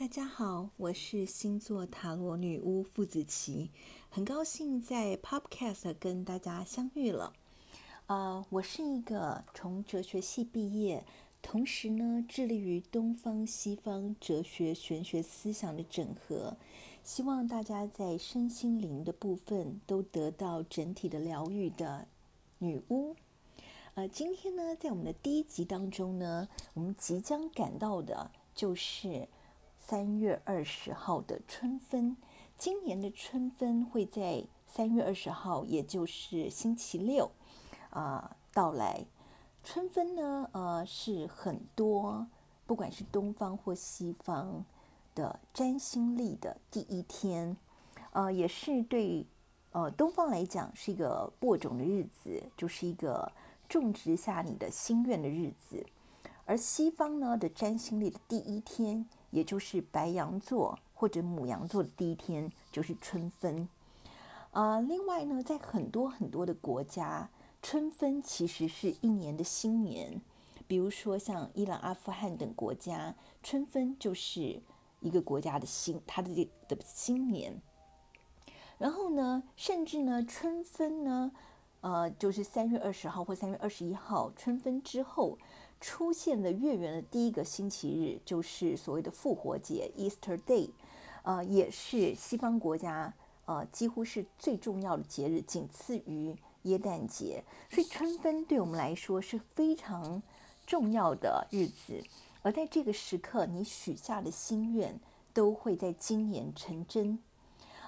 大家好，我是星座塔羅女巫傅子綺，很高興在 Podcast 跟大家相遇了。啊、呃，我是一個從哲學系畢業，同時呢致力於東方西方哲學玄學思想的整合，希望大家在身心靈的部分都得到整體的療癒的女巫。呃，今天呢，在我們的第一集當中呢，我們即將感到的就是。三月二十號的春分，今年的春分會在三月二十號，也就是星期六，啊、呃，到來。春分呢，呃，是很多不管是東方或西方的占星曆的第一天，呃，也是對呃東方來講是一個播種的日子，就是一個種植下你的心願的日子。而西方呢的占星曆的第一天。也就是白羊座或者牡羊座的第一天就是春分，啊、呃。另外呢，在很多很多的國家，春分其實是一年的新年，比如說像伊朗、阿富汗等國家，春分就是一個國家的新，他的的新年。然後呢，甚至呢，春分呢，呃，就是三月二十號或三月二十一號，春分之後。出現的月圓的第一個星期日就是所謂的復活節 （Easter Day），呃，也是西方國家呃幾乎是最重要的節日，僅次於耶誕節。所以春分對我們來說是非常重要的日子。而在這個時刻，你許下的心願都會在今年成真。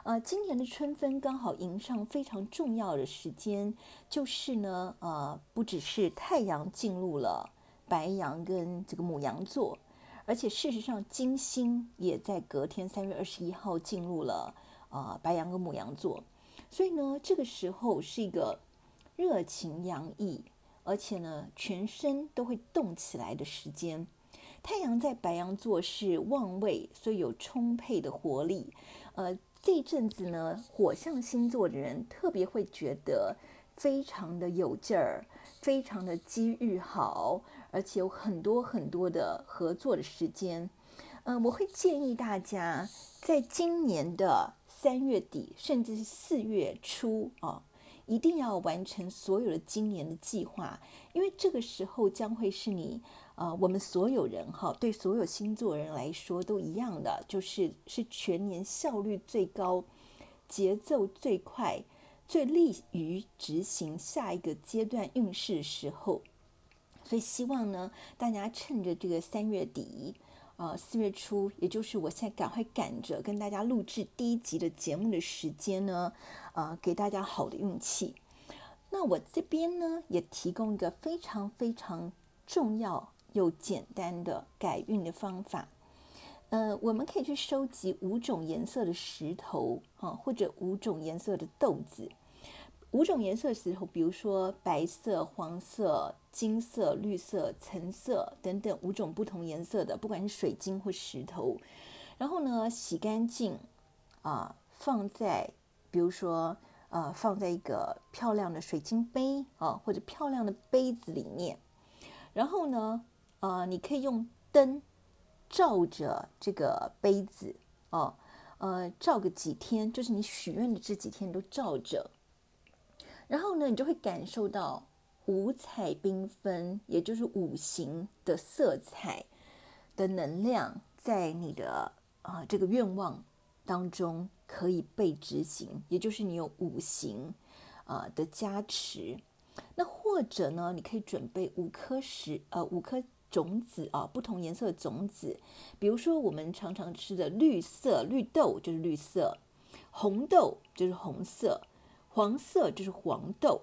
呃，今年的春分剛好迎上非常重要的時間，就是呢，呃，不只是太陽進入了。白羊跟這個牡羊座，而且事實上，金星也在隔天三月二十一號進入了啊、呃、白羊跟牡羊座，所以呢，這個時候是一個熱情洋溢，而且呢，全身都會動起來的時間。太陽在白羊座是旺位，所以有充沛的活力。呃，這陣子呢，火象星座的人特別會覺得非常的有勁兒，非常的機遇好。而且有很多很多的合作的時間，嗯、呃，我會建議大家在今年的三月底，甚至是四月初啊，一定要完成所有的今年的計劃，因為這個時候將會是你，啊，我們所有人哈，對所有星座人來說都一樣的，就是是全年效率最高、節奏最快、最利於執行下一個階段運勢的時候。所以希望呢，大家趁着這個三月底，呃，四月初，也就是我現在趕快趕着跟大家錄製第一集的節目的時間呢，呃，給大家好的運氣。那我這邊呢，也提供一個非常非常重要又簡單的改運的方法。呃，我們可以去收集五種顏色的石頭啊、呃，或者五種顏色的豆子。五種顏色的石頭，比如說白色、黃色。金色、綠色、橙色等等五種不同顏色的，不管是水晶或石頭，然後呢，洗乾淨，啊、呃，放在，比如說，啊、呃、放在一個漂亮的水晶杯啊、呃，或者漂亮的杯子裡面，然後呢，啊、呃、你可以用燈照着這個杯子，哦，呃，照個幾天，就是你許願的這幾天你都照着，然後呢，你就會感受到。五彩繽紛，也就是五行的色彩的能量，在你的啊、呃、這個願望當中可以被執行，也就是你有五行啊、呃、的加持。那或者呢，你可以準備五顆石，呃，五顆種子啊、呃，不同顏色的種子，比如說我們常常吃的綠色綠豆就是綠色，紅豆就是紅色，黃色就是黃豆。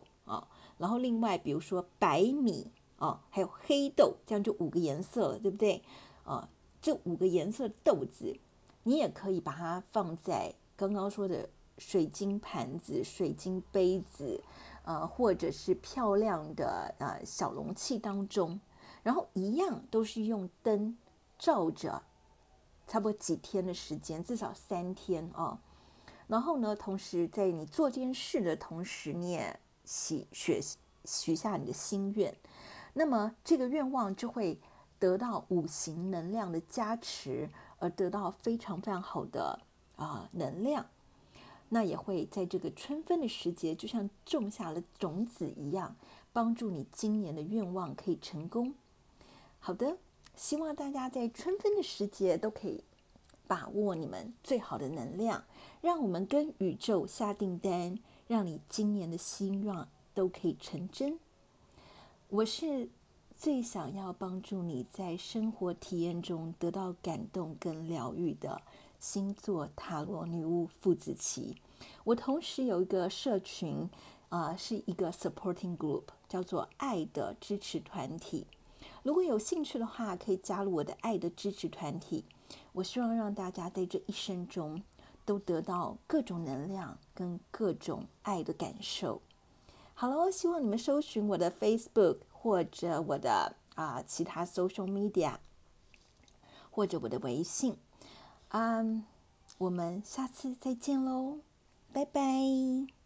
然後另外，比如說白米啊、哦，還有黑豆，這樣就五個顏色了，對不對？啊、哦，這五個顏色豆子，你也可以把它放在剛剛說的水晶盤子、水晶杯子，呃，或者是漂亮的呃小容器當中。然後一樣都是用燈照着，差不多幾天的時間，至少三天啊、哦。然後呢，同時在你做這件事的同時，你也…….許學許下你的心願，那麼這個願望就會得到五行能量的加持，而得到非常非常好的啊、呃、能量。那也會在這個春分的時節，就像種下了種子一樣，幫助你今年的願望可以成功。好的，希望大家在春分的時節都可以把握你們最好的能量，讓我們跟宇宙下訂單。讓你今年的心願都可以成真。我是最想要幫助你在生活體驗中得到感動跟療癒的星座塔羅女巫傅子綺。我同時有一個社群，啊、呃，是一個 supporting group，叫做愛的支持團體。如果有興趣的話，可以加入我的愛的支持團體。我希望讓大家在這一生中，都得到各種能量跟各種愛的感受。好了，希望你們搜尋我的 Facebook 或者我的啊，呃，其他 social media 或者我的微信。嗯，um，我們下次再見嘍，拜拜。